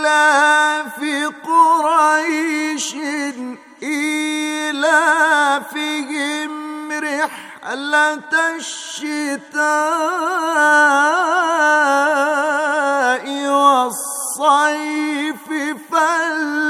إلاف قريش إلافهم رحلة الشتاء والصيف فل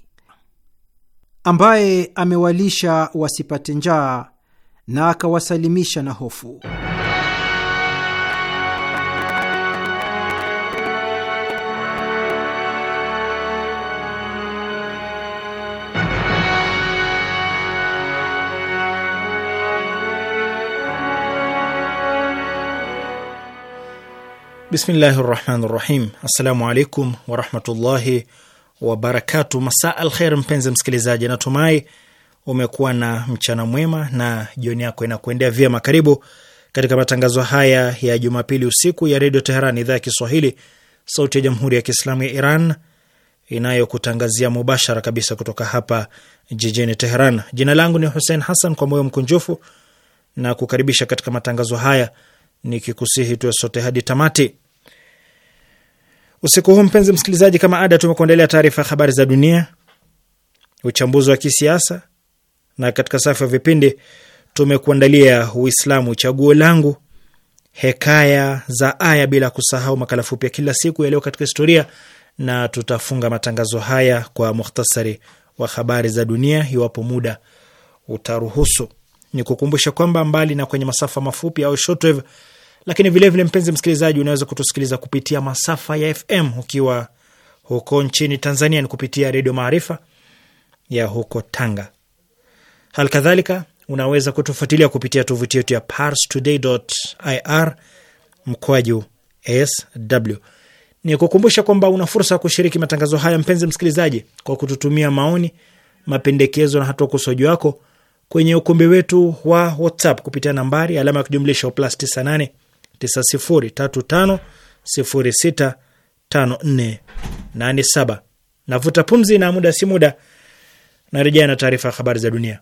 ambaye amewalisha wasipate njaa na akawasalimisha na hofu. Bismillahi rahmani rahim. Assalamu alaikum warahmatullahi wabarakatu. Masaa al kher, mpenzi msikilizaji, natumai umekuwa na mchana mwema na jioni yako inakuendea vyema. Karibu katika matangazo haya ya Jumapili usiku ya Redio Teheran, idhaa ya Kiswahili, sauti ya Jamhuri ya Kiislamu ya Iran inayokutangazia mubashara kabisa kutoka hapa jijini Teheran. Jina langu ni Hussein Hassan, kwa moyo mkunjufu na kukaribisha katika matangazo haya nikikusihi tuwe sote hadi tamati usiku huu. Mpenzi msikilizaji, kama ada, tumekuandalia taarifa ya habari za dunia, uchambuzi wa kisiasa, na katika safu ya vipindi tumekuandalia Uislamu chaguo langu, hekaya za aya, bila kusahau makala fupi ya kila siku yaliyo katika historia, na tutafunga matangazo haya kwa muhtasari wa habari za dunia iwapo muda utaruhusu. Ni kukumbusha kwamba mbali na kwenye masafa mafupi au shortwave lakini vilevile vile, mpenzi msikilizaji, unaweza kutusikiliza kupitia masafa ya FM ukiwa huko nchini Tanzania ni kupitia Redio Maarifa ya huko Tanga. Hali kadhalika unaweza kutufuatilia kupitia tovuti yetu ya parstoday.ir mkwaju sw. Ni kukumbusha kwamba una fursa ya kushiriki matangazo haya, mpenzi msikilizaji, kwa kututumia maoni, mapendekezo na hata ukosoaji wako kwenye ukumbi wetu wa WhatsApp kupitia nambari alama ya kujumlisha plus 98 9035065487. Navuta pumzi na muda si muda narejea na taarifa ya habari za dunia.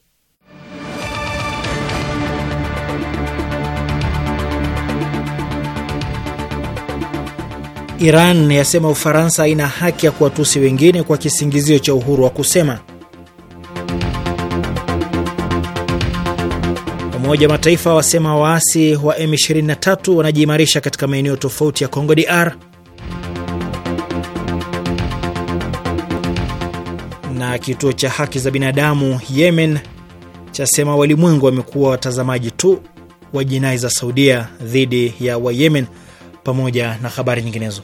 Iran yasema Ufaransa haina haki ya kuwatusi wengine kwa kisingizio cha uhuru wa kusema. Umoja wa Mataifa wasema waasi wa M23 wanajiimarisha katika maeneo tofauti ya Kongo DR, na kituo cha haki za binadamu Yemen chasema walimwengu wamekuwa watazamaji tu wa jinai za Saudia dhidi ya Wayemen pamoja na habari nyinginezo.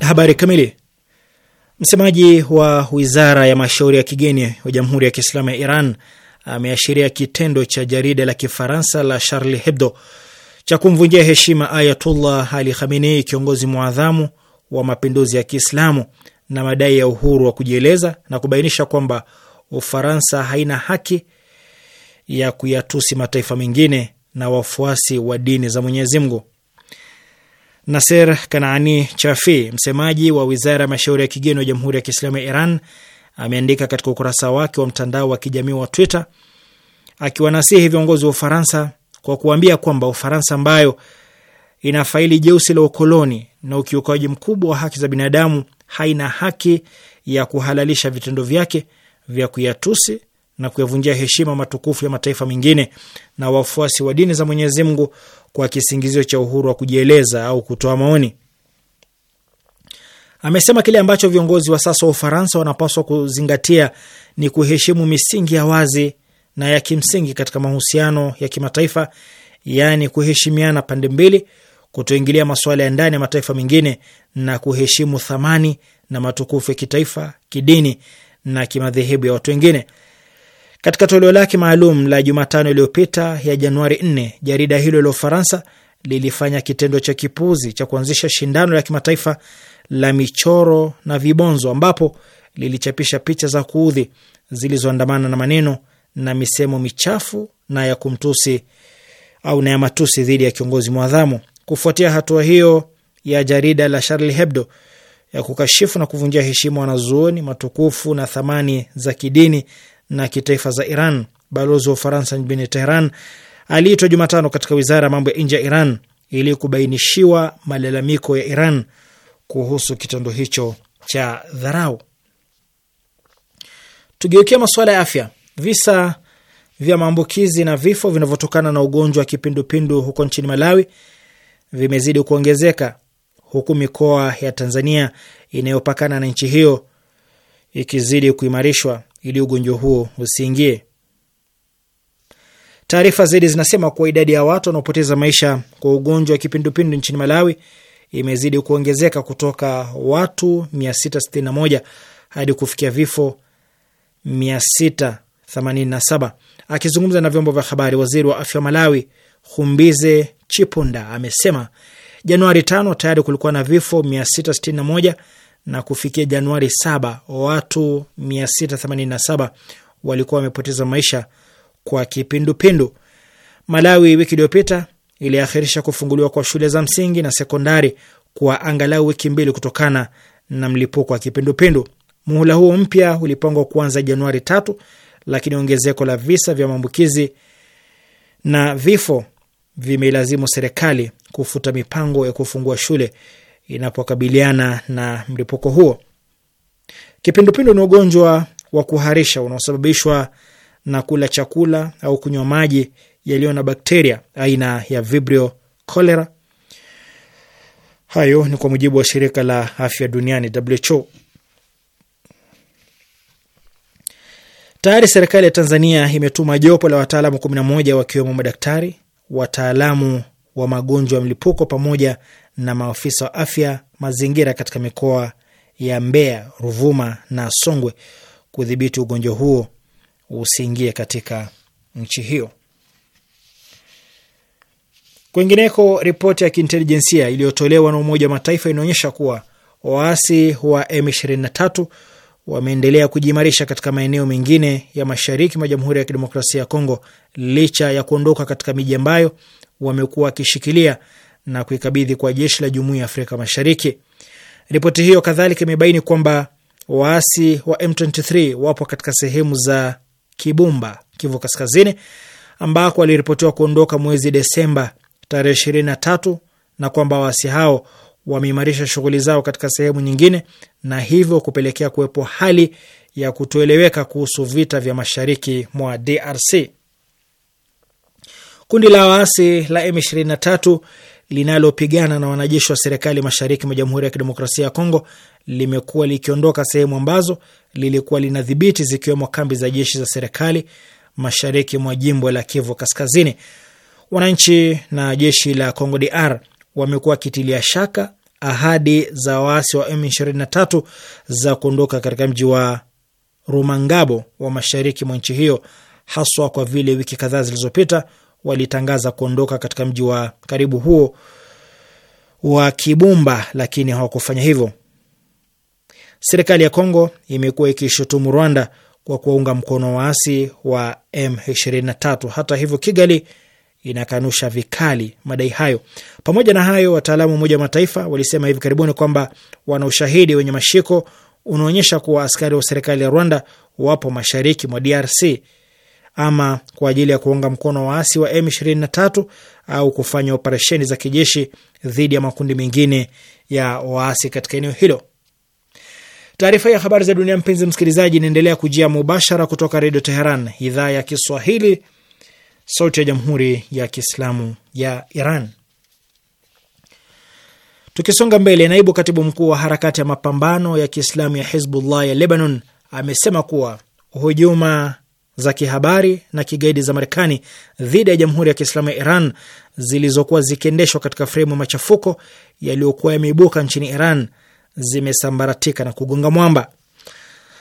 Habari kamili. Msemaji wa wizara ya mashauri ya kigeni wa Jamhuri ya Kiislamu ya Iran ameashiria kitendo cha jarida la Kifaransa la Charlie Hebdo cha kumvunjia heshima Ayatullah Ali Khamenei, kiongozi mwadhamu wa mapinduzi ya Kiislamu, na madai ya uhuru wa kujieleza na kubainisha kwamba Ufaransa haina haki ya kuyatusi mataifa mengine na wafuasi wa dini za Mwenyezi Mungu. Naser Kanaani Chafi, msemaji wa wizara ya mashauri ya kigeni wa Jamhuri ya Kiislamu ya Iran, ameandika katika ukurasa wake wa mtandao wa kijamii wa Twitter akiwanasihi viongozi wa Ufaransa kwa kuambia kwamba Ufaransa ambayo ina faili jeusi la ukoloni na ukiukaji mkubwa wa haki za binadamu haina haki ya kuhalalisha vitendo vyake vya kuyatusi na kuyavunjia heshima matukufu ya mataifa mengine na wafuasi wa dini za Mwenyezi Mungu kwa kisingizio cha uhuru wa kujieleza au kutoa maoni. Amesema kile ambacho viongozi wa sasa wa Ufaransa wanapaswa kuzingatia ni kuheshimu misingi ya wazi na ya kimsingi katika mahusiano ya kimataifa, yaani kuheshimiana pande mbili, kutoingilia masuala ya ndani ya mataifa mengine na kuheshimu thamani na matukufu ya kitaifa, kidini na kimadhehebu ya watu wengine. Katika toleo lake maalum la Jumatano iliyopita ya Januari 4, jarida hilo la Ufaransa lilifanya kitendo cha kipuzi cha kuanzisha shindano la kimataifa la michoro na vibonzo, ambapo lilichapisha picha za kuudhi zilizoandamana na maneno na misemo michafu na ya kumtusi au na ya matusi dhidi ya kiongozi mwadhamu. Kufuatia hatua hiyo ya jarida la Charlie Hebdo, ya kukashifu na kuvunjia heshima wanazuoni matukufu na thamani za kidini na kitaifa za Iran, balozi wa Ufaransa mjini Teheran aliitwa Jumatano katika wizara ya mambo ya nje ya Iran ili kubainishiwa malalamiko ya Iran kuhusu kitendo hicho cha dharau. Tugeukia masuala ya afya. Visa vya maambukizi na vifo vinavyotokana na ugonjwa wa kipindupindu huko nchini Malawi vimezidi kuongezeka huku mikoa ya Tanzania inayopakana na nchi hiyo ikizidi kuimarishwa ili ugonjwa huo usiingie. Taarifa zaidi zinasema kuwa idadi ya watu wanaopoteza maisha kwa ugonjwa wa kipindupindu nchini Malawi imezidi kuongezeka kutoka watu 661 hadi kufikia vifo 687. Akizungumza na vyombo vya habari, waziri wa afya wa Malawi Humbize Chipunda amesema Januari tano tayari kulikuwa na vifo 661 na kufikia Januari saba watu 687 walikuwa wamepoteza maisha kwa kipindupindu. Malawi wiki iliyopita iliakhirisha kufunguliwa kwa shule za msingi na sekondari kwa angalau wiki mbili kutokana na mlipuko wa kipindupindu. Muhula huo mpya ulipangwa kuanza Januari tatu, lakini ongezeko la visa vya maambukizi na vifo vimeilazimu serikali kufuta mipango ya kufungua shule inapokabiliana na mlipuko huo. Kipindupindu ni ugonjwa wa kuharisha unaosababishwa na kula chakula au kunywa maji yaliyo na bakteria aina ya Vibrio cholera. Hayo ni kwa mujibu wa shirika la afya duniani WHO. Tayari serikali ya Tanzania imetuma jopo la wataalamu 11 wakiwemo madaktari, wataalamu wa magonjwa ya mlipuko pamoja na maafisa wa afya mazingira katika mikoa ya Mbeya, Ruvuma na Songwe kudhibiti ugonjwa huo usiingie katika nchi hiyo. Kwingineko, ripoti ya kiintelijensia iliyotolewa na Umoja wa Mataifa inaonyesha kuwa waasi wa M23 wameendelea kujiimarisha katika maeneo mengine ya mashariki mwa Jamhuri ya Kidemokrasia ya Kongo licha ya kuondoka katika miji ambayo wamekuwa wakishikilia na kuikabidhi kwa jeshi la Jumuiya ya Afrika Mashariki. Ripoti hiyo kadhalika imebaini kwamba waasi wa M23 wapo katika sehemu za Kibumba, Kivu Kaskazini, ambako waliripotiwa kuondoka mwezi Desemba tarehe 23 na kwamba waasi hao wameimarisha shughuli zao katika sehemu nyingine na hivyo kupelekea kuwepo hali ya kutoeleweka kuhusu vita vya mashariki mwa DRC. Kundi la waasi la M23 linalopigana na wanajeshi wa serikali mashariki mwa Jamhuri ya Kidemokrasia ya Kongo limekuwa likiondoka sehemu ambazo lilikuwa linadhibiti zikiwemo kambi za jeshi za serikali mashariki mwa jimbo la Kivu Kaskazini. Wananchi na jeshi la Kongo DR wamekuwa wakitilia shaka ahadi za waasi wa M23 za kuondoka katika mji wa Rumangabo wa mashariki mwa nchi hiyo, haswa kwa vile wiki kadhaa zilizopita walitangaza kuondoka katika mji wa karibu huo wa Kibumba, lakini hawakufanya hivyo. Serikali ya Kongo imekuwa ikishutumu Rwanda kwa kuwaunga mkono waasi wa M23. Hata hivyo, Kigali inakanusha vikali madai hayo. Pamoja na hayo, wataalamu wa Umoja wa Mataifa walisema hivi karibuni kwamba wana ushahidi wenye mashiko unaonyesha kuwa askari wa serikali ya Rwanda wapo mashariki mwa DRC ama kwa ajili ya kuunga mkono waasi wa M23 au kufanya operesheni za kijeshi dhidi ya makundi mengine ya waasi katika eneo hilo. Taarifa ya habari za dunia, mpenzi msikilizaji, inaendelea kujia mubashara kutoka Redio Teheran, idhaa ya Kiswahili, sauti ya jamhuri ya Kiislamu ya Iran. Tukisonga mbele, naibu katibu mkuu wa harakati ya mapambano ya Kiislamu ya Hizbullah ya Lebanon amesema kuwa hujuma za kihabari na kigaidi za Marekani dhidi ya jamhuri ya Kiislamu ya Iran zilizokuwa zikiendeshwa katika fremu ya machafuko yaliyokuwa yameibuka nchini Iran zimesambaratika na kugonga mwamba.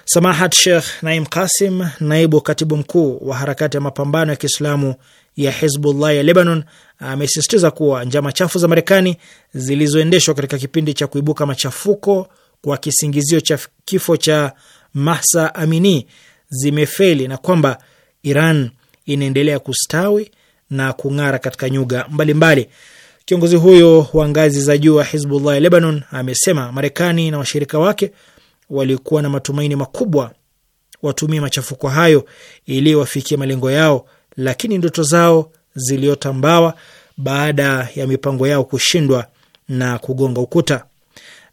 Samahat Sheikh Naim Kasim, naibu katibu mkuu wa harakati ya mapambano ya Kiislamu ya Hizbullah ya Lebanon, amesisitiza kuwa njama chafu za Marekani zilizoendeshwa katika kipindi cha kuibuka machafuko kwa kisingizio cha kifo cha Mahsa Amini zimefeli na kwamba Iran inaendelea kustawi na kung'ara katika nyuga mbalimbali. Kiongozi huyo wa ngazi za juu wa Hizbullah ya Lebanon amesema Marekani na washirika wake walikuwa na matumaini makubwa watumie machafuko hayo ili wafikie malengo yao, lakini ndoto zao ziliota mbawa baada ya mipango yao kushindwa na kugonga ukuta.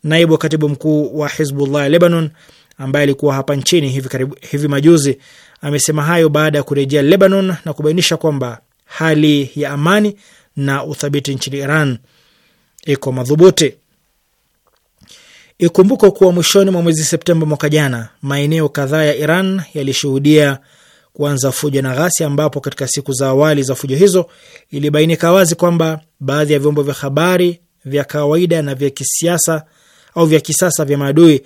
Naibu katibu mkuu wa Hizbullah ya Lebanon ambaye alikuwa hapa nchini hivi, karibu, hivi majuzi amesema hayo baada ya kurejea Lebanon na kubainisha kwamba hali ya amani na uthabiti nchini Iran iko madhubuti. Ikumbuko kuwa mwishoni mwa mwezi Septemba mwaka jana, maeneo kadhaa ya Iran yalishuhudia kuanza fujo na ghasia, ambapo katika siku za awali za fujo hizo ilibainika wazi kwamba baadhi ya vyombo vya habari vya kawaida na vya kisiasa au vya kisasa vya maadui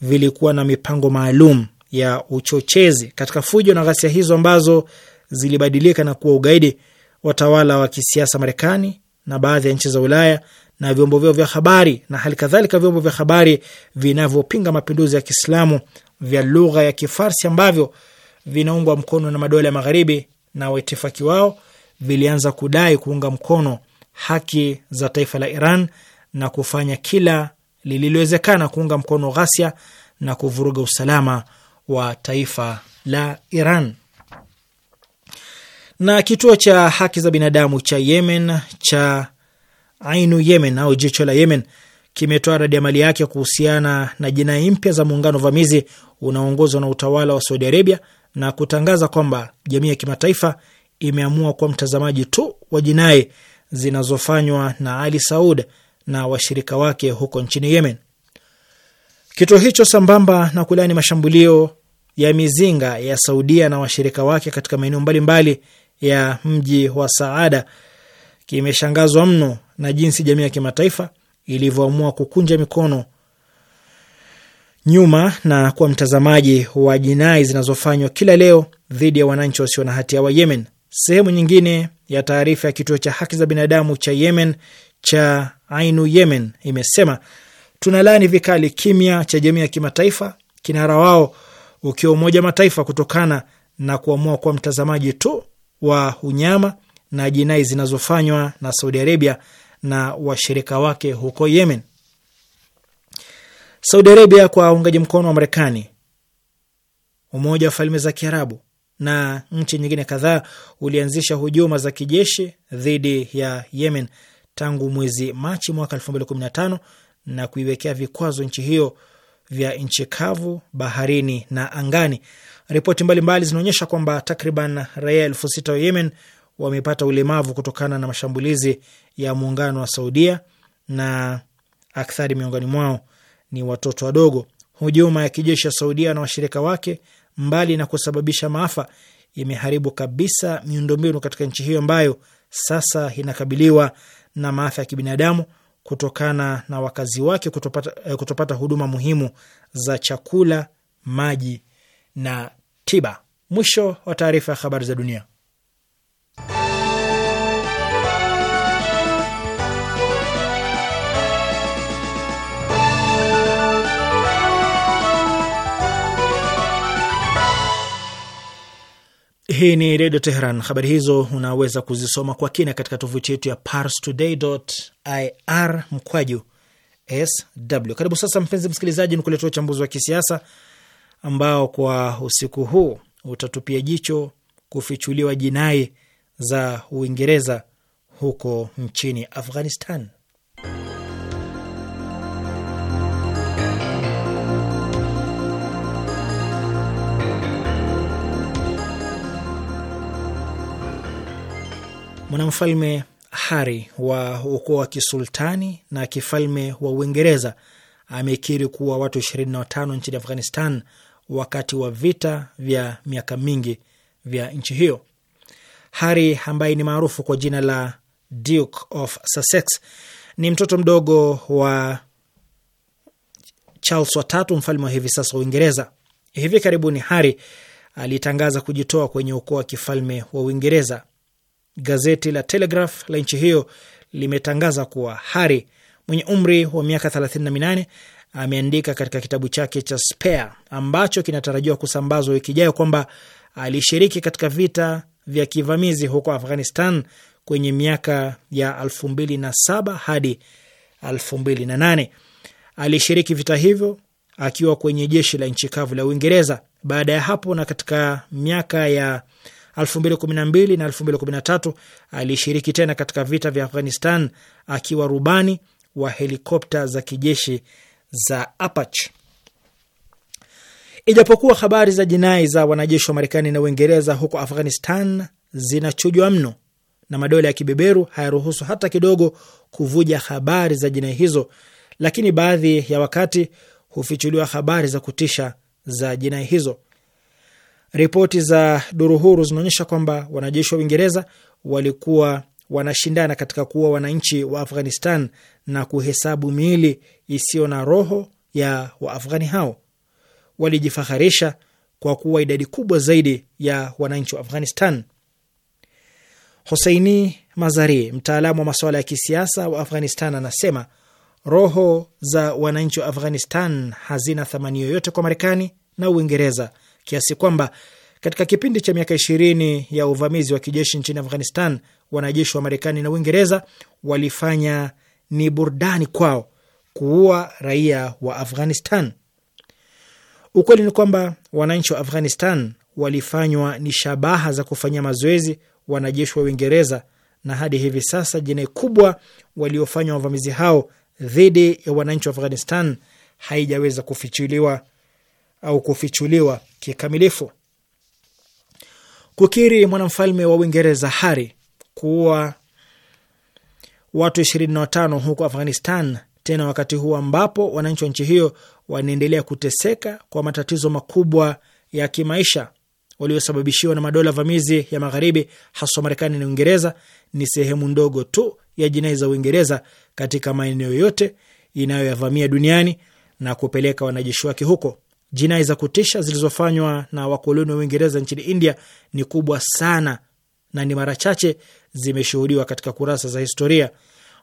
vilikuwa na mipango maalum ya uchochezi. Katika fujo na ghasia hizo ambazo zilibadilika na kuwa ugaidi, watawala wa kisiasa Marekani na baadhi ya nchi za Ulaya na vyombo vyao vya habari na hali kadhalika vyombo vya habari vinavyopinga mapinduzi ya Kiislamu vya lugha ya Kifarsi ambavyo vinaungwa mkono na madola ya magharibi na waitifaki wao vilianza kudai kuunga mkono haki za taifa la Iran na kufanya kila lililowezekana kuunga mkono ghasia na kuvuruga usalama wa taifa la Iran. Na kituo cha haki za binadamu cha Yemen cha Ainu Yemen au jicho la Yemen kimetoa radi ya mali yake kuhusiana na jinai mpya za muungano vamizi unaoongozwa na utawala wa Saudi Arabia na kutangaza kwamba jamii ya kimataifa imeamua kuwa mtazamaji tu wa jinai zinazofanywa na Ali Saud na washirika wake huko nchini Yemen. Kituo hicho sambamba na kulani mashambulio ya mizinga ya Saudia na washirika wake katika maeneo mbalimbali ya mji wa Saada kimeshangazwa mno na jinsi jamii ya kimataifa ilivyoamua kukunja mikono nyuma na kuwa mtazamaji wa jinai zinazofanywa kila leo dhidi ya wananchi wasio na hatia wa Yemen. Sehemu nyingine ya taarifa ya kituo cha haki za binadamu cha Yemen cha Ainu Yemen imesema tunalaani vikali kimya cha jamii ya kimataifa, kinara wao ukiwa Umoja Mataifa, kutokana na kuamua kuwa mtazamaji tu wa unyama na jinai zinazofanywa na Saudi Arabia na washirika wake huko Yemen. Saudi Arabia kwa uungaji mkono wa Marekani, Umoja wa Falme za Kiarabu na nchi nyingine kadhaa ulianzisha hujuma za kijeshi dhidi ya Yemen tangu mwezi Machi mwaka 2015 na kuiwekea vikwazo nchi hiyo vya nchi kavu, baharini na angani. Ripoti mbalimbali zinaonyesha kwamba takriban raia elfu sita wa Yemen wamepata ulemavu kutokana na mashambulizi ya muungano wa Saudia na akthari miongoni mwao ni watoto wadogo. Hujuma ya kijeshi ya Saudia na washirika wake, mbali na kusababisha maafa, imeharibu kabisa miundombinu katika nchi hiyo ambayo sasa inakabiliwa na maafa ya kibinadamu kutokana na wakazi wake kutopata, eh, kutopata huduma muhimu za chakula, maji na tiba. Mwisho wa taarifa ya habari za dunia. Hii ni Redio Teheran. Habari hizo unaweza kuzisoma kwa kina katika tovuti yetu ya parstoday.ir mkwaju sw. Karibu sasa, mpenzi msikilizaji, ni kuletea uchambuzi wa kisiasa ambao kwa usiku huu utatupia jicho kufichuliwa jinai za Uingereza huko nchini Afghanistan. Mwanamfalme Hari wa ukoo wa kisultani na kifalme wa Uingereza amekiri kuwa watu 25 nchini Afghanistan wakati wa vita vya miaka mingi vya nchi hiyo. Hari ambaye ni maarufu kwa jina la Duke of Sussex ni mtoto mdogo wa Charles watatu, mfalme wa hivi sasa wa Uingereza. Hivi karibuni Hari alitangaza kujitoa kwenye ukoo wa kifalme wa Uingereza. Gazeti la Telegraph la nchi hiyo limetangaza kuwa Hari mwenye umri wa miaka 38 ameandika katika kitabu chake cha Spare ambacho kinatarajiwa kusambazwa wiki ijayo kwamba alishiriki katika vita vya kivamizi huko Afghanistan kwenye miaka ya 2007 hadi 2008. Alishiriki vita hivyo akiwa kwenye jeshi la nchi kavu la Uingereza. Baada ya hapo na katika miaka ya 2012 na 2013 alishiriki tena katika vita vya Afghanistan akiwa rubani wa helikopta za kijeshi za Apache. Ijapokuwa habari za jinai za wanajeshi wa Marekani na Uingereza huko Afghanistan zinachujwa mno na madola ya kibeberu hayaruhusu hata kidogo kuvuja habari za jinai hizo, lakini baadhi ya wakati hufichuliwa habari za kutisha za jinai hizo. Ripoti za duru huru zinaonyesha kwamba wanajeshi wa Uingereza walikuwa wanashindana katika kuua wananchi wa Afghanistan na kuhesabu miili isiyo na roho ya Waafghani hao. Walijifaharisha kwa kuwa idadi kubwa zaidi ya wananchi wa Afghanistan. Hoseini Mazari, mtaalamu wa masuala ya kisiasa wa Afghanistan, anasema roho za wananchi wa Afghanistan hazina thamani yoyote kwa Marekani na Uingereza kiasi kwamba katika kipindi cha miaka ishirini ya uvamizi wa kijeshi nchini Afghanistan, wanajeshi wa Marekani na Uingereza walifanya ni burudani kwao kuua raia wa Afghanistan. Ukweli ni kwamba wananchi wa Afghanistan walifanywa ni shabaha za kufanyia mazoezi wanajeshi wa Uingereza, na hadi hivi sasa jinai kubwa waliofanywa wavamizi hao dhidi ya wananchi wa Afghanistan haijaweza kufichuliwa au kufichuliwa kikamilifu. Kukiri mwanamfalme wa Uingereza Hari kuwa watu ishirini na watano huko Afghanistan, tena wakati huu ambapo wananchi wa nchi hiyo wanaendelea kuteseka kwa matatizo makubwa ya kimaisha waliosababishiwa na madola vamizi ya Magharibi, haswa Marekani na Uingereza, ni sehemu ndogo tu ya jinai za Uingereza katika maeneo yote inayoyavamia duniani na kupeleka wanajeshi wake huko jinai za kutisha zilizofanywa na wakoloni wa Uingereza nchini India ni kubwa sana na ni mara chache zimeshuhudiwa katika kurasa za historia.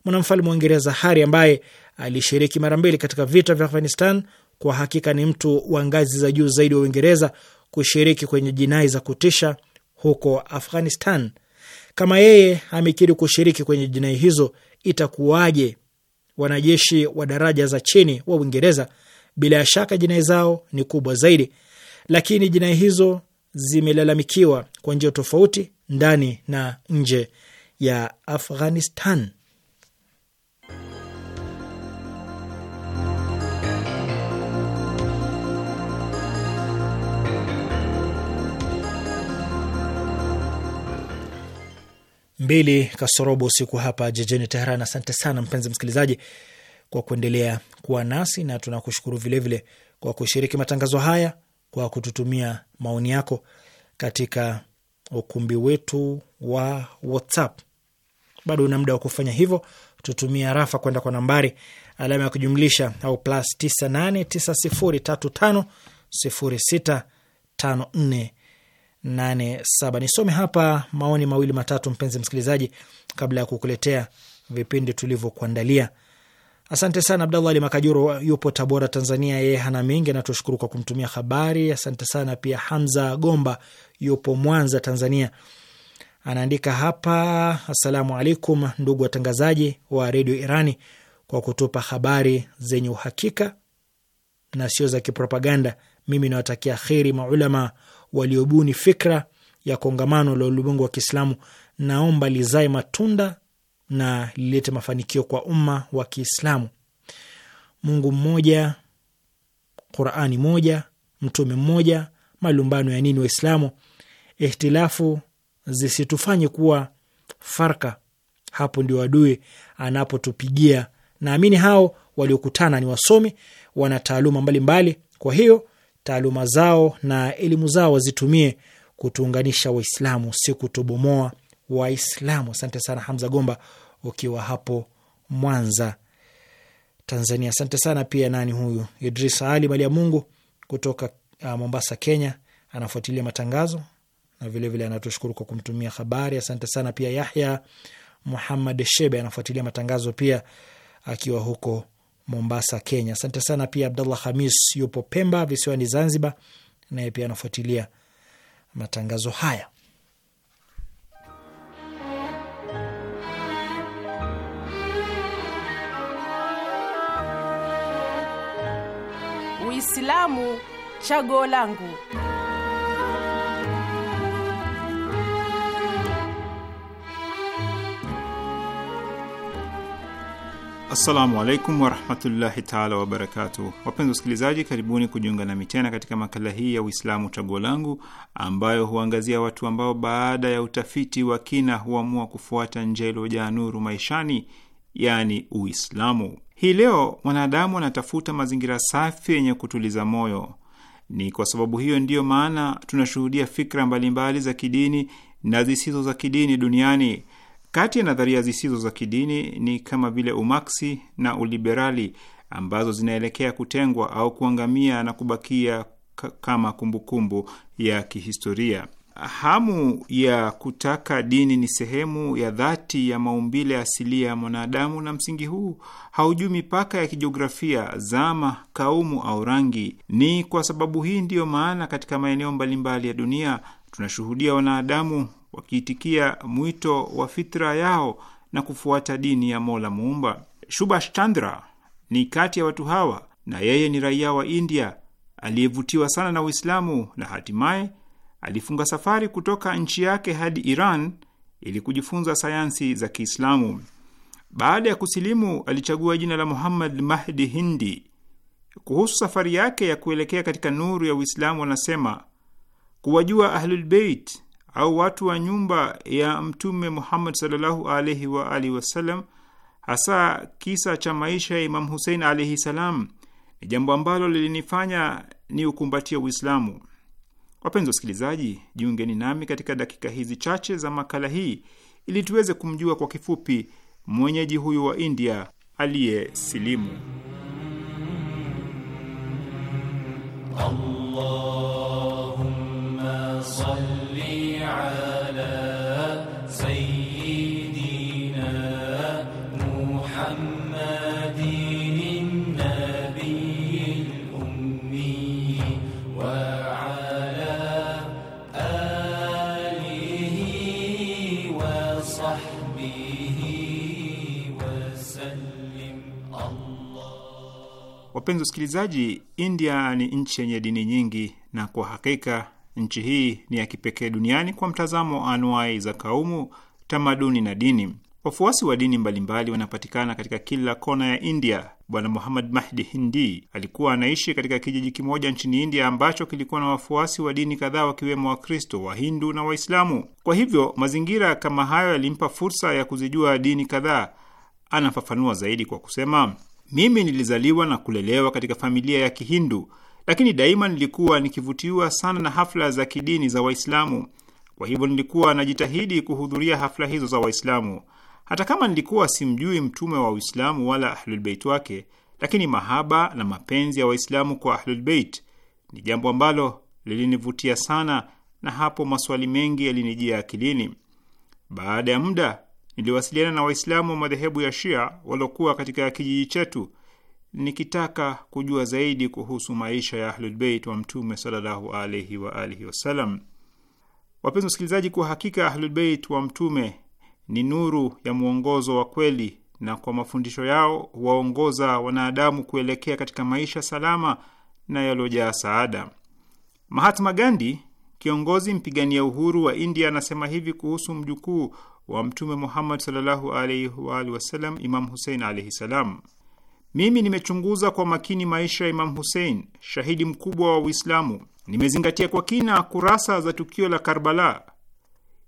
Mwanamfalme wa Uingereza Hari, ambaye alishiriki mara mbili katika vita vya Afghanistan, kwa hakika ni mtu wa ngazi za juu zaidi wa Uingereza kushiriki kwenye jinai za kutisha huko Afghanistan. Kama yeye amekiri kushiriki kwenye jinai hizo, itakuwaje wanajeshi wa daraja za chini wa Uingereza bila shaka jinai zao ni kubwa zaidi, lakini jinai hizo zimelalamikiwa kwa njia tofauti ndani na nje ya Afghanistan. mbili kasorobo usiku hapa jijini Teheran. Asante sana mpenzi msikilizaji kwa kuendelea kuwa nasi na tunakushukuru vilevile kwa kushiriki matangazo haya kwa kututumia maoni yako katika ukumbi wetu wa WhatsApp. Bado una muda wa kufanya hivyo, tutumia rafa kwenda kwa nambari alama ya kujumlisha au plus 989035065487. Nisome hapa maoni mawili matatu, mpenzi msikilizaji, kabla ya kukuletea vipindi tulivyokuandalia. Asante sana Abdallah Ali Makajuro yupo Tabora, Tanzania. Yeye hana mengi, anatushukuru kwa kumtumia habari. Asante sana pia. Hamza Gomba yupo Mwanza, Tanzania, anaandika hapa: assalamu alaikum, ndugu watangazaji wa redio Irani, kwa kutupa habari zenye uhakika na sio za kipropaganda. Mimi nawatakia kheri maulama waliobuni fikra ya kongamano la ulimwengu wa Kiislamu. Naomba lizae matunda na lilete mafanikio kwa umma wa Kiislamu. Mungu mmoja, Qurani moja, mtume mmoja, malumbano ya nini Waislamu? Ihtilafu zisitufanye kuwa farka. Hapo ndio adui anapotupigia. Naamini hao waliokutana ni wasomi, wana taaluma mbalimbali, kwa hiyo taaluma zao na elimu zao wazitumie kutuunganisha Waislamu, si kutubomoa Waislamu. Asante sana Hamza Gomba ukiwa hapo Mwanza, Tanzania. Asante sana pia nani huyu Idris Ali Mali ya Mungu kutoka uh, Mombasa, Kenya, anafuatilia matangazo na vilevile anatushukuru kwa kumtumia habari. Asante sana pia Yahya Muhammad Shebe anafuatilia matangazo pia akiwa huko Mombasa, Kenya. Asante sana pia Abdallah Hamis yupo Pemba visiwani Zanzibar, naye pia anafuatilia matangazo haya. Uislamu chaguo langu. Assalamu alaikum warahmatullahi taala barakatuh Wapenzi wasikilizaji, karibuni kujiunga nami tena katika makala hii ya Uislamu chaguo langu, ambayo huangazia watu ambao baada ya utafiti wa kina huamua kufuata njia iliyojaa nuru maishani, yaani Uislamu. Hii leo mwanadamu anatafuta mazingira safi yenye kutuliza moyo. Ni kwa sababu hiyo ndiyo maana tunashuhudia fikra mbalimbali za kidini na zisizo za kidini duniani. Kati ya nadharia zisizo za kidini ni kama vile umaksi na uliberali ambazo zinaelekea kutengwa au kuangamia na kubakia kama kumbukumbu ya kihistoria hamu ya kutaka dini ni sehemu ya dhati ya maumbile asilia ya mwanadamu, na msingi huu haujui mipaka ya kijiografia, zama, kaumu au rangi. Ni kwa sababu hii ndiyo maana katika maeneo mbalimbali ya dunia tunashuhudia wanadamu wakiitikia mwito wa fitra yao na kufuata dini ya Mola Muumba. Subhash Chandra ni kati ya watu hawa, na yeye ni raia wa India aliyevutiwa sana na Uislamu na hatimaye alifunga safari kutoka nchi yake hadi Iran ili kujifunza sayansi za Kiislamu. Baada ya kusilimu, alichagua jina la Muhammad Mahdi Hindi. Kuhusu safari yake ya kuelekea katika nuru ya Uislamu, wanasema kuwajua Ahlulbeit au watu wa nyumba ya Mtume Muhammad sallallahu alaihi wa alihi wasallam, hasa kisa cha maisha ya Imam Husein alaihi salam, ni jambo ambalo lilinifanya ni ukumbatia Uislamu. Wapenzi wasikilizaji, jiungeni nami katika dakika hizi chache za makala hii ili tuweze kumjua kwa kifupi mwenyeji huyu wa India silimu. Allahumma Wapenzi wasikilizaji, India ni nchi yenye dini nyingi na kwa hakika nchi hii ni ya kipekee duniani kwa mtazamo wa anuai za kaumu, tamaduni na dini. Wafuasi wa dini mbalimbali wanapatikana katika kila kona ya India. Bwana Muhammad Mahdi Hindi alikuwa anaishi katika kijiji kimoja nchini India ambacho kilikuwa na wafuasi wa dini kadhaa wakiwemo Wakristo, Wahindu na Waislamu. Kwa hivyo mazingira kama hayo yalimpa fursa ya kuzijua dini kadhaa. Anafafanua zaidi kwa kusema mimi nilizaliwa na kulelewa katika familia ya Kihindu, lakini daima nilikuwa nikivutiwa sana na hafla za kidini za Waislamu. Kwa hivyo nilikuwa najitahidi kuhudhuria hafla hizo za Waislamu, hata kama nilikuwa simjui mtume wa Uislamu wala Ahlulbeit wake, lakini mahaba na mapenzi ya Waislamu kwa Ahlulbeit ni jambo ambalo lilinivutia sana, na hapo maswali mengi yalinijia akilini. Baada ya muda Niliwasiliana na Waislamu wa madhehebu ya Shia waliokuwa katika kijiji chetu nikitaka kujua zaidi kuhusu maisha ya Ahlulbeit wa Mtume sallallahu alaihi wa alihi wasallam. Wapenzi wasikilizaji, kwa hakika Ahlulbeit wa Mtume ni nuru ya mwongozo wa kweli, na kwa mafundisho yao huwaongoza wanadamu kuelekea katika maisha salama na yaliyojaa saada. Mahatma Gandhi, kiongozi mpigania uhuru wa India, anasema hivi kuhusu mjukuu wa Mtume Muhammad sallallahu alaihi wa alihi wasallam, Imam Husein alaihi salam. Mimi nimechunguza kwa makini maisha ya Imam Husein, shahidi mkubwa wa Uislamu. Nimezingatia kwa kina kurasa za tukio la Karbala.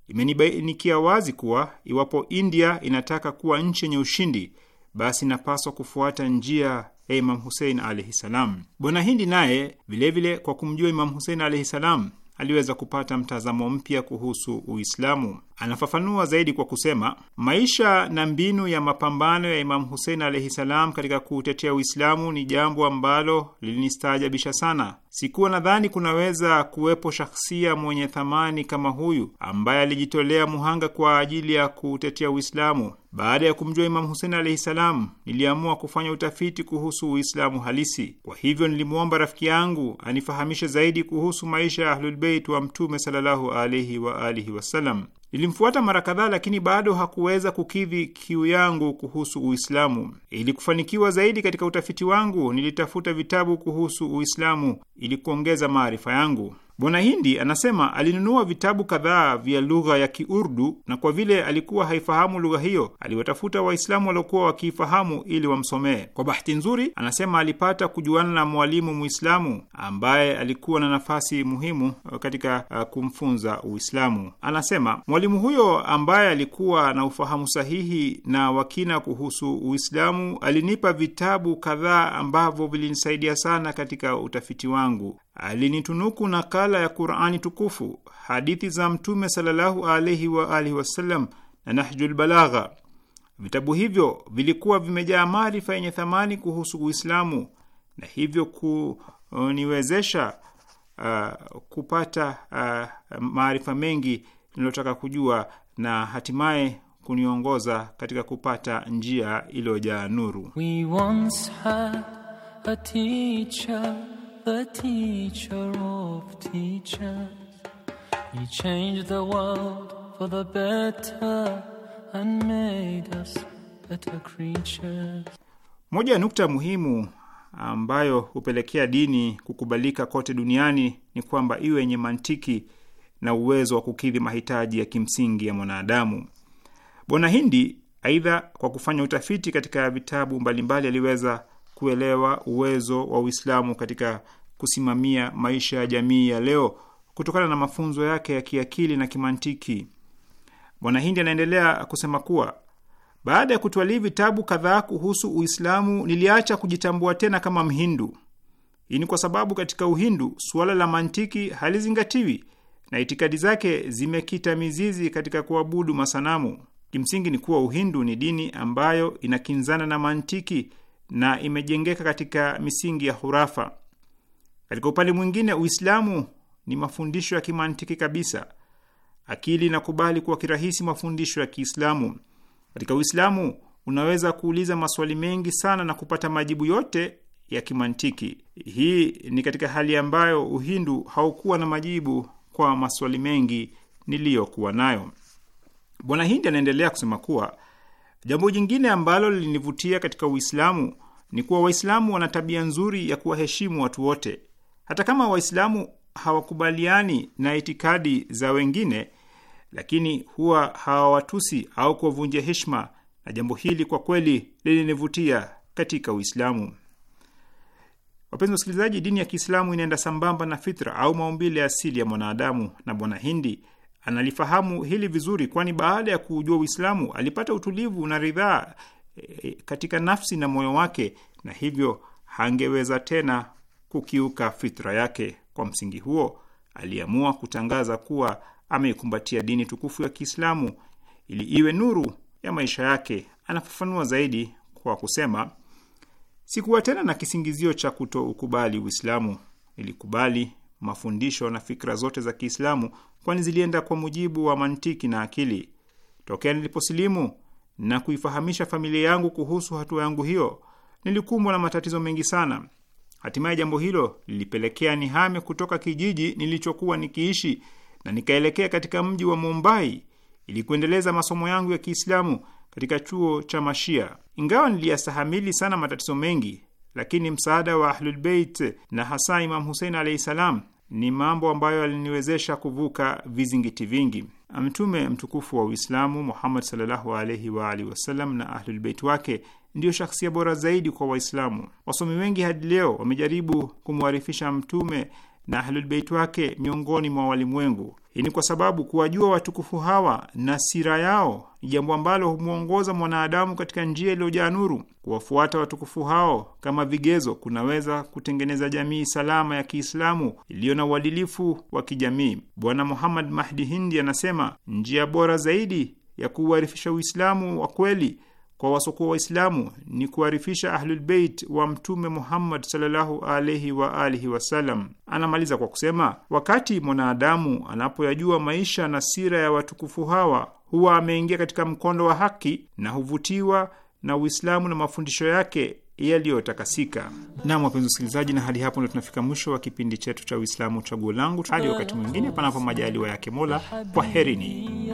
Imenibainikia wazi kuwa iwapo India inataka kuwa nchi yenye ushindi, basi inapaswa kufuata njia ya Imam Husein alaihi salam. Bwana Hindi naye vilevile, kwa kumjua Imam Husein alaihi salam aliweza kupata mtazamo mpya kuhusu Uislamu. Anafafanua zaidi kwa kusema, maisha na mbinu ya mapambano ya Imamu Husein alaihi salam katika kuutetea Uislamu ni jambo ambalo lilinistaajabisha sana. Sikuwa nadhani kunaweza kuwepo shakhsia mwenye thamani kama huyu ambaye alijitolea muhanga kwa ajili ya kutetea Uislamu. Baada ya kumjua Imamu Husein alaihi salam, niliamua kufanya utafiti kuhusu Uislamu halisi. Kwa hivyo nilimwomba rafiki yangu anifahamishe zaidi kuhusu maisha ya Ahlulbeit wa Mtume sallallahu alaihi waalihi wasalam Nilimfuata mara kadhaa, lakini bado hakuweza kukidhi kiu yangu kuhusu Uislamu. Ili kufanikiwa zaidi katika utafiti wangu, nilitafuta vitabu kuhusu Uislamu ili kuongeza maarifa yangu. Bwana Hindi anasema alinunua vitabu kadhaa vya lugha ya Kiurdu na kwa vile alikuwa haifahamu lugha hiyo, aliwatafuta Waislamu waliokuwa wakiifahamu ili wamsomee. Kwa bahati nzuri, anasema alipata kujuana na mwalimu Muislamu ambaye alikuwa na nafasi muhimu uh, katika uh, kumfunza Uislamu. Anasema mwalimu huyo ambaye alikuwa na ufahamu sahihi na wakina kuhusu Uislamu alinipa vitabu kadhaa ambavyo vilinisaidia sana katika utafiti wangu alinitunuku nakala ya Qurani tukufu, hadithi za Mtume sallallahu alaihi wa alihi wasallam na Nahjul Balagha. Vitabu hivyo vilikuwa vimejaa maarifa yenye thamani kuhusu Uislamu na hivyo kuniwezesha uh, kupata uh, maarifa mengi niliyotaka kujua na hatimaye kuniongoza katika kupata njia iliyojaa nuru. We once had a teacher the teacher of teachers. He changed the world for the better and made us better creatures. Moja ya nukta muhimu ambayo hupelekea dini kukubalika kote duniani ni kwamba iwe yenye mantiki na uwezo wa kukidhi mahitaji ya kimsingi ya mwanadamu. Bwana Hindi aidha, kwa kufanya utafiti katika vitabu mbalimbali, aliweza kuelewa uwezo wa Uislamu katika kusimamia maisha ya jamii ya leo kutokana na mafunzo yake ya kiakili na kimantiki. Bwana Hindi anaendelea kusema kuwa baada ya kutwalii vitabu kadhaa kuhusu Uislamu, niliacha kujitambua tena kama Mhindu. Hii ni kwa sababu katika Uhindu suala la mantiki halizingatiwi na itikadi zake zimekita mizizi katika kuabudu masanamu. Kimsingi ni kuwa Uhindu ni dini ambayo inakinzana na mantiki na imejengeka katika misingi ya hurafa. Katika upande mwingine, Uislamu ni mafundisho ya kimantiki kabisa. Akili inakubali kwa kirahisi mafundisho ya Kiislamu. Katika Uislamu unaweza kuuliza maswali mengi sana na kupata majibu yote ya kimantiki. Hii ni katika hali ambayo Uhindu haukuwa na majibu kwa maswali mengi niliyokuwa nayo. Bwana Hindi anaendelea kusema kuwa jambo jingine ambalo lilinivutia katika Uislamu ni kuwa Waislamu wana tabia nzuri ya kuwaheshimu watu wote. Hata kama Waislamu hawakubaliani na itikadi za wengine, lakini huwa hawawatusi au kuwavunjia heshima, na jambo hili kwa kweli lilinivutia katika Uislamu. Wapenzi wasikilizaji, dini ya Kiislamu inaenda sambamba na fitra au maumbile asili ya mwanadamu, na Bwana Hindi analifahamu hili vizuri, kwani baada ya kuujua Uislamu alipata utulivu na ridhaa e, e katika nafsi na moyo wake, na hivyo hangeweza tena kukiuka fitra yake. Kwa msingi huo, aliamua kutangaza kuwa ameikumbatia dini tukufu ya Kiislamu ili iwe nuru ya maisha yake. Anafafanua zaidi kwa kusema, sikuwa tena na kisingizio cha kuto ukubali Uislamu. Nilikubali mafundisho na fikra zote za Kiislamu, kwani zilienda kwa mujibu wa mantiki na akili. Tokea niliposilimu na kuifahamisha familia yangu kuhusu hatua yangu hiyo, nilikumbwa na matatizo mengi sana. Hatimaye jambo hilo lilipelekea nihame kutoka kijiji nilichokuwa nikiishi na nikaelekea katika mji wa Mumbai ili kuendeleza masomo yangu ya Kiislamu katika chuo cha Mashia. Ingawa niliyasahamili sana matatizo mengi, lakini msaada wa Ahlulbeit na hasa Imam Husein alahi salam ni mambo ambayo aliniwezesha kuvuka vizingiti vingi. Mtume mtukufu wa Uislamu Muhammad sallallahu alaihi wa alihi wasallam na Ahlulbeit wake ndiyo shakhsia bora zaidi kwa Waislamu. Wasomi wengi hadi leo wamejaribu kumwarifisha Mtume na Ahlulbeit wake miongoni mwa walimwengu. Hii ni kwa sababu kuwajua watukufu hawa na sira yao ni jambo ambalo humwongoza mwanadamu katika njia iliyojaa nuru. Kuwafuata watukufu hao kama vigezo kunaweza kutengeneza jamii salama ya Kiislamu iliyo na uadilifu wa kijamii. Bwana Muhammad Mahdi Hindi anasema njia bora zaidi ya kuuarifisha Uislamu wa kweli kwa wasokuwa Waislamu ni kuarifisha Ahlulbeit wa Mtume Muhammad sallallahu alaihi wa alihi wasallam. Anamaliza kwa kusema, wakati mwanadamu anapoyajua maisha na sira ya watukufu hawa huwa ameingia katika mkondo wa haki na huvutiwa na Uislamu na mafundisho yake yaliyotakasika. Naam, wapenzi wasikilizaji, na hadi hapo ndo tunafika mwisho wa kipindi chetu cha Uislamu Chaguo Langu. Hadi wakati mwingine, panapo majaliwa yake Mola, kwaherini.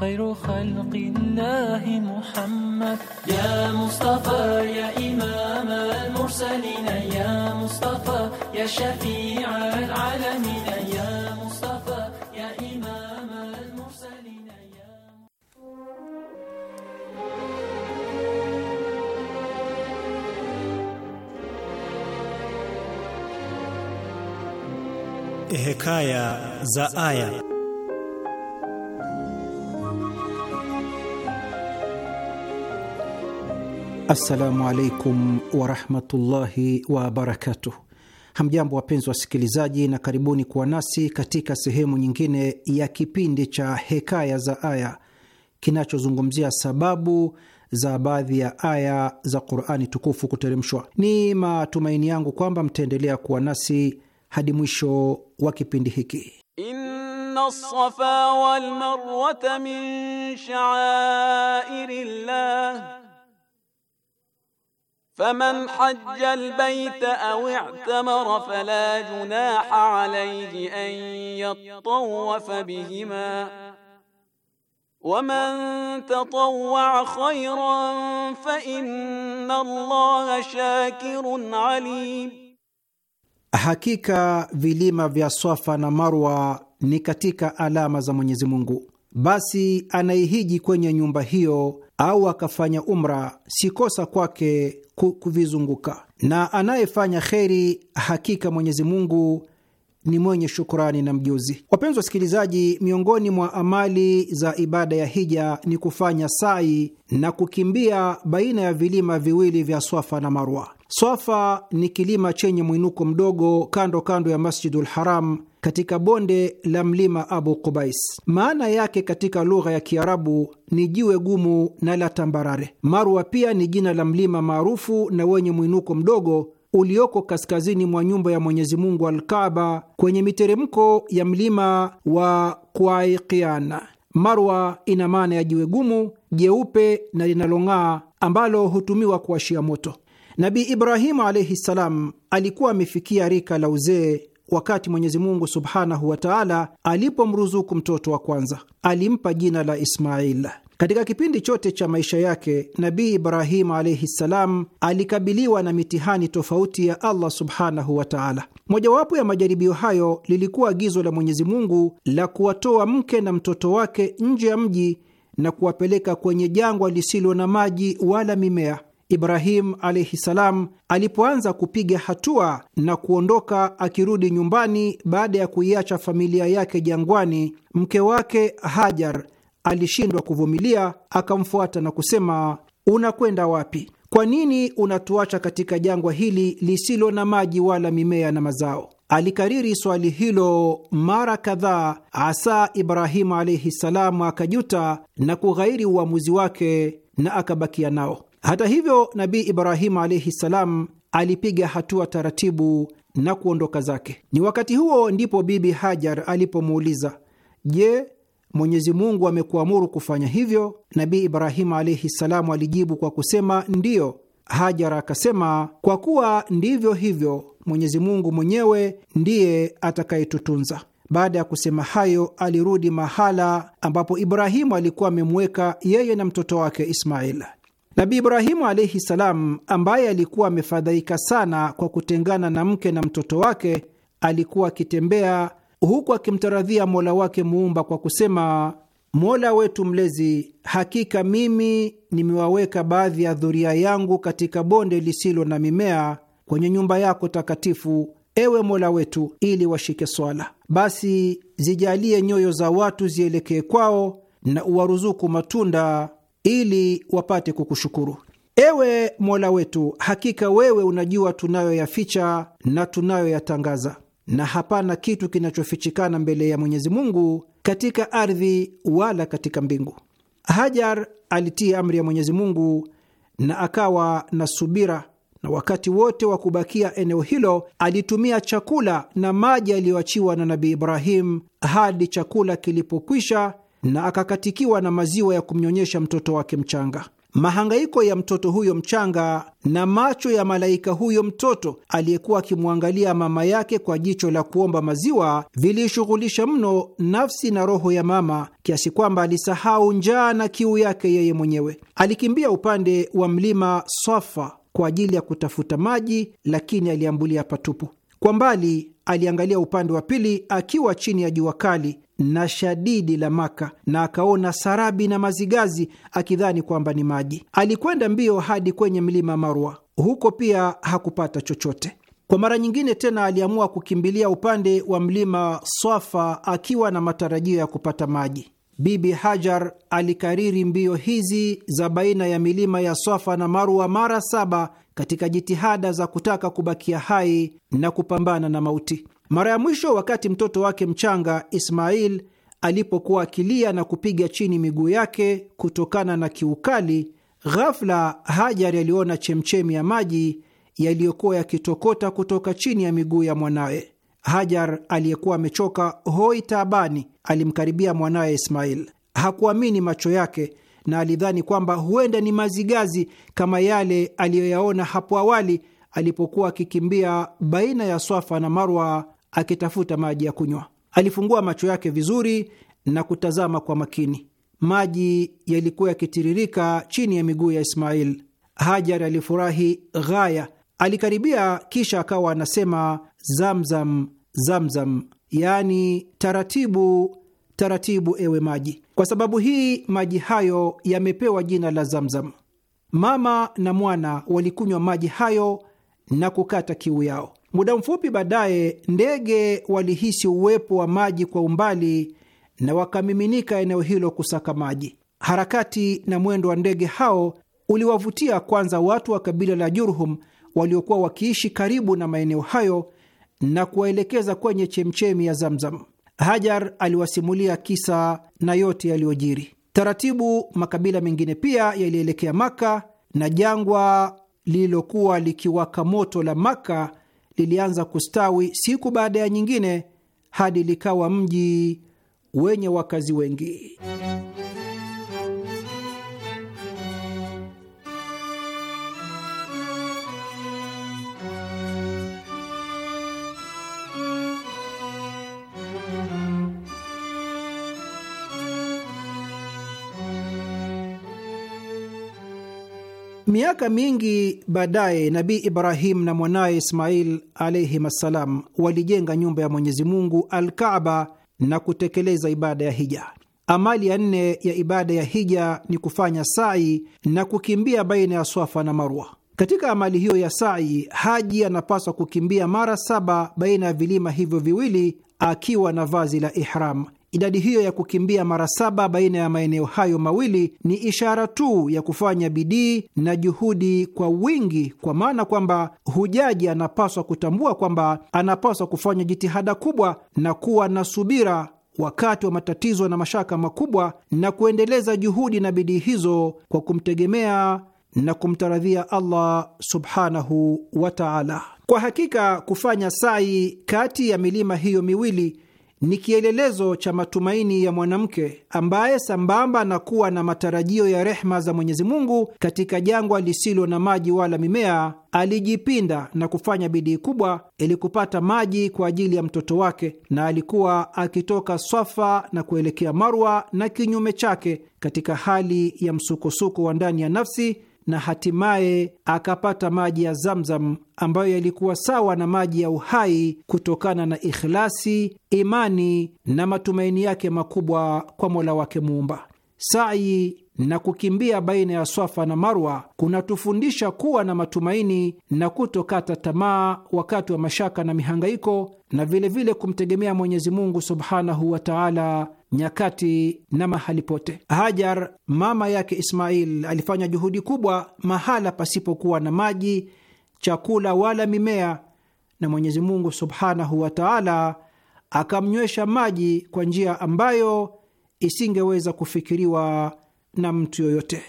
خير خلق الله محمد يا مصطفى يا إمام المرسلين يا مصطفى يا شفيع العالمين يا مصطفى يا إمام المرسلين يا حكاية زآية Assalamu alaikum warahmatullahi wabarakatuh. Hamjambo wapenzi wasikilizaji, na karibuni kuwa nasi katika sehemu nyingine ya kipindi cha Hekaya za Aya kinachozungumzia sababu za baadhi ya aya za Qurani tukufu kuteremshwa. Ni matumaini yangu kwamba mtaendelea kuwa nasi hadi mwisho wa kipindi hiki. Inna safa wal min فمن حج البيت أو اعتمر فلا جناح عليه أن يطوف بهما ومن تطوع خيرا فإن الله شاكر عليم Hakika vilima vya Swafa na Marwa ni katika alama za Mwenyezi Mungu, basi anaihiji kwenye nyumba hiyo au akafanya umra, si kosa kwake kuvizunguka. Na anayefanya kheri, hakika Mwenyezi Mungu ni mwenye shukrani na mjuzi. Wapenzi wasikilizaji, miongoni mwa amali za ibada ya hija ni kufanya sai na kukimbia baina ya vilima viwili vya Swafa na Marwa. Swafa ni kilima chenye mwinuko mdogo kando kando ya Masjidul Haram katika bonde la mlima Abu Qubais. Maana yake katika lugha ya Kiarabu ni jiwe gumu na la tambarare. Marwa pia ni jina la mlima maarufu na wenye mwinuko mdogo ulioko kaskazini mwa nyumba ya Mwenyezi Mungu Alkaaba, kwenye miteremko ya mlima wa Kwaikiana. Marwa ina maana ya jiwe gumu jeupe na linalong'aa ambalo hutumiwa kuashia moto. Nabii Ibrahimu alaihi ssalam alikuwa amefikia rika la uzee wakati Mwenyezi Mungu subhanahu wa taala alipomruzuku mtoto wa kwanza, alimpa jina la Ismail. Katika kipindi chote cha maisha yake Nabii Ibrahimu alaihi ssalam alikabiliwa na mitihani tofauti ya Allah subhanahu wa taala. Mojawapo ya majaribio hayo lilikuwa agizo la Mwenyezi Mungu la kuwatoa mke na mtoto wake nje ya mji na kuwapeleka kwenye jangwa lisilo na maji wala mimea. Ibrahim alaihi salam alipoanza kupiga hatua na kuondoka akirudi nyumbani baada ya kuiacha familia yake jangwani, mke wake Hajar alishindwa kuvumilia, akamfuata na kusema, unakwenda wapi? Kwa nini unatuacha katika jangwa hili lisilo na maji wala mimea na mazao? Alikariri swali hilo mara kadhaa, asa Ibrahimu alaihi salamu akajuta na kughairi uamuzi wake na akabakia nao. Hata hivyo, Nabii Ibrahimu alaihi ssalam alipiga hatua taratibu na kuondoka zake. Ni wakati huo ndipo Bibi Hajar alipomuuliza, Je, Mwenyezi Mungu amekuamuru kufanya hivyo? Nabii Ibrahimu alaihi ssalamu alijibu kwa kusema ndiyo. Hajar akasema, kwa kuwa ndivyo hivyo, Mwenyezi Mungu mwenyewe ndiye atakayetutunza. Baada ya kusema hayo, alirudi mahala ambapo Ibrahimu alikuwa amemweka yeye na mtoto wake Ismail. Nabii Ibrahimu alaihi salam, ambaye alikuwa amefadhaika sana kwa kutengana na mke na mtoto wake, alikuwa akitembea huku akimtaradhia mola wake muumba kwa kusema: Mola wetu mlezi, hakika mimi nimewaweka baadhi ya dhuria yangu katika bonde lisilo na mimea kwenye nyumba yako takatifu, ewe mola wetu, ili washike swala. Basi zijalie nyoyo za watu zielekee kwao na uwaruzuku matunda ili wapate kukushukuru. Ewe Mola wetu, hakika wewe unajua tunayoyaficha na tunayoyatangaza, na hapana kitu kinachofichikana mbele ya Mwenyezi Mungu katika ardhi wala katika mbingu. Hajar alitii amri ya Mwenyezi Mungu na akawa na subira, na wakati wote wa kubakia eneo hilo alitumia chakula na maji aliyoachiwa na Nabii Ibrahim hadi chakula kilipokwisha na akakatikiwa na maziwa ya kumnyonyesha mtoto wake mchanga. Mahangaiko ya mtoto huyo mchanga na macho ya malaika huyo mtoto aliyekuwa akimwangalia mama yake kwa jicho la kuomba maziwa vilishughulisha mno nafsi na roho ya mama kiasi kwamba alisahau njaa na kiu yake yeye mwenyewe. Alikimbia upande wa mlima swafa kwa ajili ya kutafuta maji, lakini aliambulia patupu. Kwa mbali aliangalia upande wa pili akiwa chini ya jua kali na shadidi la Maka na akaona sarabi na mazigazi akidhani kwamba ni maji. Alikwenda mbio hadi kwenye mlima Marwa, huko pia hakupata chochote. Kwa mara nyingine tena aliamua kukimbilia upande wa mlima Swafa akiwa na matarajio ya kupata maji. Bibi Hajar alikariri mbio hizi za baina ya milima ya Swafa na Marwa mara saba katika jitihada za kutaka kubakia hai na kupambana na mauti. Mara ya mwisho wakati mtoto wake mchanga Ismail alipokuwa akilia na kupiga chini miguu yake kutokana na kiukali, ghafla hajar aliona chemchemi ya maji yaliyokuwa yakitokota kutoka chini ya miguu ya mwanawe. Hajar aliyekuwa amechoka hoi taabani alimkaribia mwanawe Ismail. Hakuamini macho yake na alidhani kwamba huenda ni mazigazi kama yale aliyoyaona hapo awali alipokuwa akikimbia baina ya Swafa na Marwa akitafuta maji ya kunywa. Alifungua macho yake vizuri na kutazama kwa makini. Maji yalikuwa yakitiririka chini ya miguu ya Ismail. Hajar alifurahi ghaya, alikaribia, kisha akawa anasema zamzam, zamzam, yaani taratibu taratibu, ewe maji. Kwa sababu hii maji hayo yamepewa jina la Zamzam. Mama na mwana walikunywa maji hayo na kukata kiu yao. Muda mfupi baadaye, ndege walihisi uwepo wa maji kwa umbali na wakamiminika eneo hilo kusaka maji. Harakati na mwendo wa ndege hao uliwavutia kwanza watu wa kabila la Jurhum waliokuwa wakiishi karibu na maeneo hayo na kuwaelekeza kwenye chemchemi ya Zamzam. Hajar aliwasimulia kisa na yote yaliyojiri. Taratibu makabila mengine pia yalielekea Maka na jangwa lililokuwa likiwaka moto la Maka lilianza kustawi siku baada ya nyingine hadi likawa mji wenye wakazi wengi. Miaka mingi baadaye Nabii Ibrahim na mwanaye Ismail alayhim assalam walijenga nyumba ya Mwenyezi Mungu Alkaaba na kutekeleza ibada ya hija. Amali ya nne ya ibada ya hija ni kufanya sai na kukimbia baina ya Swafa na Marwa. Katika amali hiyo ya sai, haji anapaswa kukimbia mara saba baina ya vilima hivyo viwili akiwa na vazi la ihram Idadi hiyo ya kukimbia mara saba baina ya maeneo hayo mawili ni ishara tu ya kufanya bidii na juhudi kwa wingi, kwa maana kwamba hujaji anapaswa kutambua kwamba anapaswa kufanya jitihada kubwa na kuwa na subira wakati wa matatizo na mashaka makubwa, na kuendeleza juhudi na bidii hizo kwa kumtegemea na kumtaradhia Allah subhanahu wa taala. Kwa hakika kufanya sai kati ya milima hiyo miwili ni kielelezo cha matumaini ya mwanamke ambaye sambamba na kuwa na matarajio ya rehma za Mwenyezi Mungu katika jangwa lisilo na maji wala mimea, alijipinda na kufanya bidii kubwa ili kupata maji kwa ajili ya mtoto wake, na alikuwa akitoka Swafa na kuelekea Marwa na kinyume chake, katika hali ya msukosuko wa ndani ya nafsi na hatimaye akapata maji ya Zamzam ambayo yalikuwa sawa na maji ya uhai kutokana na ikhlasi, imani na matumaini yake makubwa kwa Mola wake Muumba. Sai na kukimbia baina ya Swafa na Marwa kunatufundisha kuwa na matumaini na kutokata tamaa wakati wa mashaka na mihangaiko, na vilevile kumtegemea Mwenyezi Mungu subhanahu wa taala nyakati na mahali pote. Hajar mama yake Ismail alifanya juhudi kubwa mahala pasipokuwa na maji, chakula wala mimea, na Mwenyezi Mungu subhanahu wa taala akamnywesha maji kwa njia ambayo isingeweza kufikiriwa na mtu yoyote.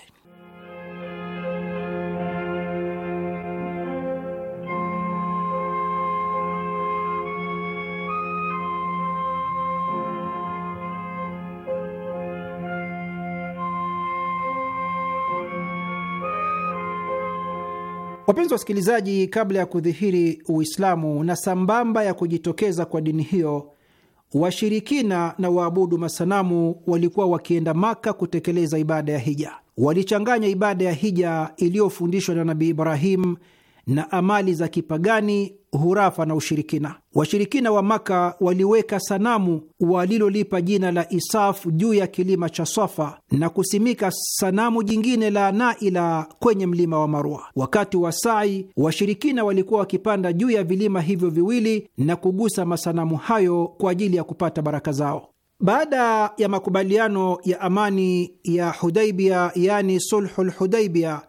Wapenzi wa wasikilizaji, kabla ya kudhihiri Uislamu na sambamba ya kujitokeza kwa dini hiyo, washirikina na waabudu masanamu walikuwa wakienda Maka kutekeleza ibada ya hija. Walichanganya ibada ya hija iliyofundishwa na Nabii Ibrahimu na amali za kipagani, hurafa na ushirikina. Washirikina wa Maka waliweka sanamu walilolipa jina la Isafu juu ya kilima cha swafa na kusimika sanamu jingine la Naila kwenye mlima wa Marwa. Wakati wa sai, washirikina walikuwa wakipanda juu ya vilima hivyo viwili na kugusa masanamu hayo kwa ajili ya kupata baraka zao. Baada ya makubaliano ya amani ya Hudaibia, yani sulhul Hudaibia,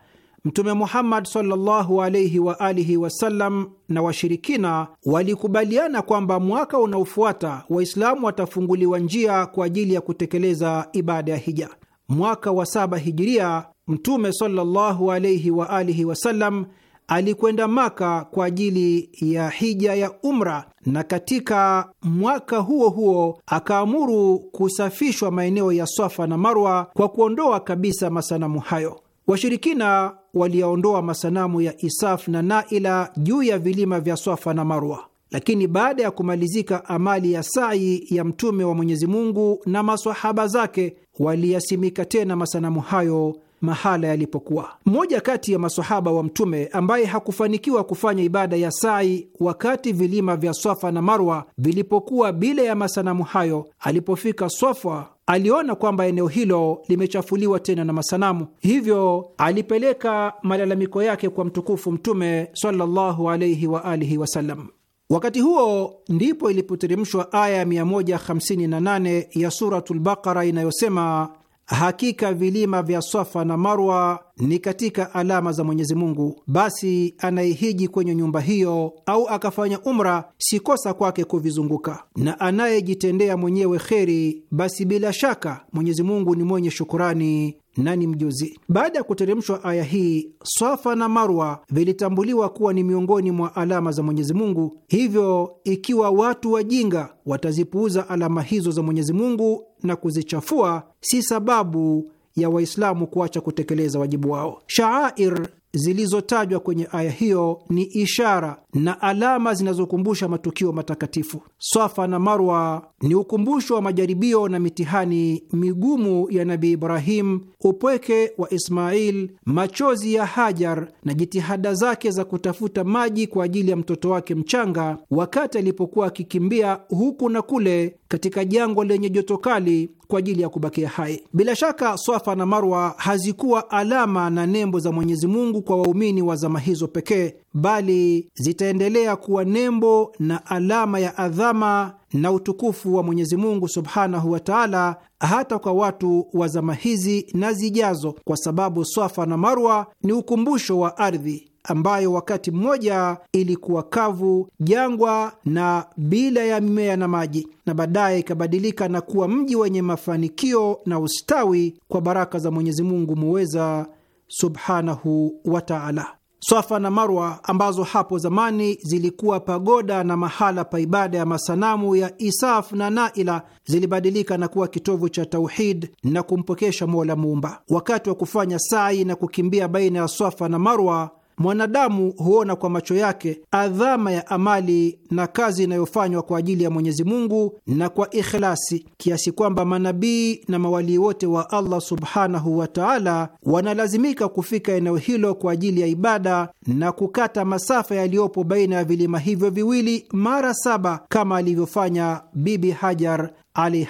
Mtume Muhammad sallallahu alaihi wa alihi wasallam na washirikina walikubaliana kwamba mwaka unaofuata Waislamu watafunguliwa njia kwa ajili ya kutekeleza ibada ya hija. Mwaka wa saba hijiria, Mtume sallallahu alaihi wa alihi wasallam alikwenda Maka kwa ajili ya hija ya umra, na katika mwaka huo huo akaamuru kusafishwa maeneo ya Swafa na Marwa kwa kuondoa kabisa masanamu hayo. Washirikina waliyaondoa masanamu ya Isaf na Naila juu ya vilima vya Swafa na Marwa. Lakini baada ya kumalizika amali ya sai ya Mtume wa Mwenyezi Mungu na masahaba zake, waliyasimika tena masanamu hayo mahala yalipokuwa. Mmoja kati ya masahaba wa Mtume ambaye hakufanikiwa kufanya ibada ya sai wakati vilima vya Swafa na Marwa vilipokuwa bila ya masanamu hayo, alipofika Swafa aliona kwamba eneo hilo limechafuliwa tena na masanamu, hivyo alipeleka malalamiko yake kwa mtukufu Mtume sallallahu alaihi wa alihi wasallam. Wakati huo ndipo ilipoteremshwa aya 158 ya Suratul Baqara inayosema Hakika vilima vya Swafa na Marwa ni katika alama za Mwenyezi Mungu, basi anayehiji kwenye nyumba hiyo au akafanya umra, si kosa kwake kuvizunguka. Na anayejitendea mwenyewe kheri, basi bila shaka Mwenyezi Mungu ni mwenye shukurani na ni mjuzi. Baada ya kuteremshwa aya hii, Swafa na Marwa vilitambuliwa kuwa ni miongoni mwa alama za Mwenyezi Mungu. Hivyo, ikiwa watu wajinga watazipuuza alama hizo za Mwenyezi Mungu na kuzichafua, si sababu ya Waislamu kuacha kutekeleza wajibu wao. Shaair zilizotajwa kwenye aya hiyo ni ishara na alama zinazokumbusha matukio matakatifu. Swafa na Marwa ni ukumbusho wa majaribio na mitihani migumu ya Nabii Ibrahim, upweke wa Ismail, machozi ya Hajar na jitihada zake za kutafuta maji kwa ajili ya mtoto wake mchanga, wakati alipokuwa akikimbia huku na kule katika jangwa lenye joto kali kwa ajili ya kubakia hai. Bila shaka, Swafa na Marwa hazikuwa alama na nembo za Mwenyezi Mungu kwa waumini wa zama hizo pekee, bali zitaendelea kuwa nembo na alama ya adhama na utukufu wa Mwenyezi Mungu subhanahu wa taala, hata kwa watu wa zama hizi na zijazo, kwa sababu Swafa na Marwa ni ukumbusho wa ardhi ambayo wakati mmoja ilikuwa kavu, jangwa na bila ya mimea na maji, na baadaye ikabadilika na kuwa mji wenye mafanikio na ustawi kwa baraka za Mwenyezi Mungu muweza subhanahu wa taala. Swafa na Marwa ambazo hapo zamani zilikuwa pagoda na mahala pa ibada ya masanamu ya Isaf na Naila zilibadilika na kuwa kitovu cha tauhid na kumpokesha Mola Muumba. Wakati wa kufanya sai na kukimbia baina ya Swafa na Marwa, Mwanadamu huona kwa macho yake adhama ya amali na kazi inayofanywa kwa ajili ya Mwenyezi Mungu na kwa ikhlasi, kiasi kwamba manabii na mawalii wote wa Allah subhanahu wa taala wanalazimika kufika eneo hilo kwa ajili ya ibada na kukata masafa yaliyopo baina ya vilima hivyo viwili mara saba, kama alivyofanya Bibi Hajar alaihi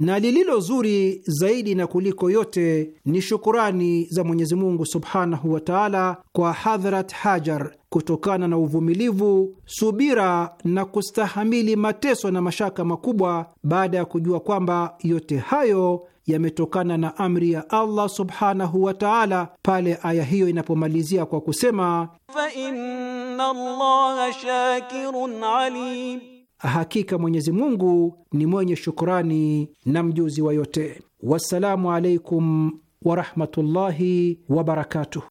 Na lililo zuri zaidi na kuliko yote ni shukurani za Mwenyezi Mungu subhanahu wa taala kwa Hadhrat Hajar kutokana na uvumilivu, subira na kustahamili mateso na mashaka makubwa, baada ya kujua kwamba yote hayo yametokana na amri ya Allah subhanahu wa taala, pale aya hiyo inapomalizia kwa kusema fa inna Allaha shakirun alim Hakika Mwenyezi Mungu ni mwenye shukurani na mjuzi wa yote. Wassalamu alaikum warahmatullahi wabarakatuh.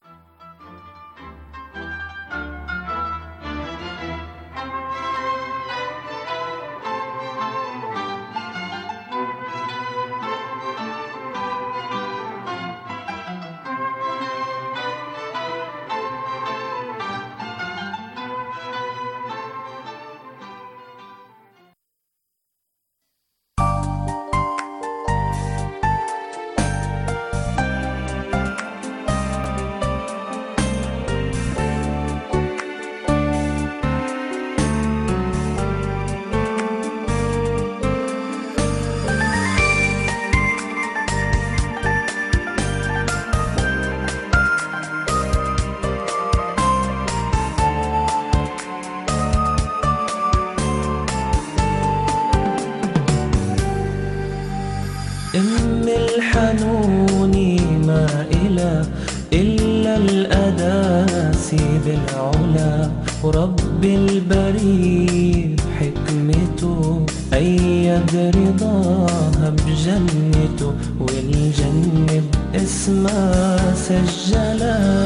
يد رضاها بجنته والجنة باسمها سجلها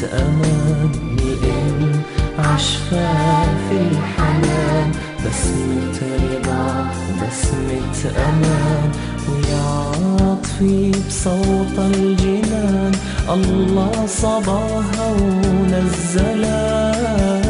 كنت أمني عشفة في الحنان بسمة رضا بسمة أمان ويا عطفي بصوت الجنان الله صباها ونزلها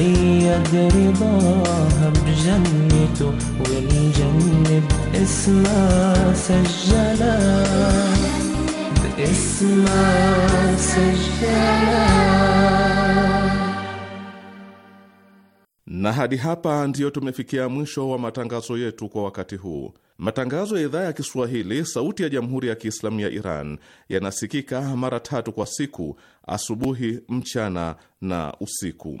سيد رضاها بجنته والجنب اسمها سجلا باسمها سجلا na hadi hapa ndiyo tumefikia mwisho wa matangazo yetu kwa wakati huu. Matangazo ya idhaa ya Kiswahili sauti ya jamhuri ya Kiislamu ya Iran yanasikika mara tatu kwa siku: asubuhi, mchana na usiku.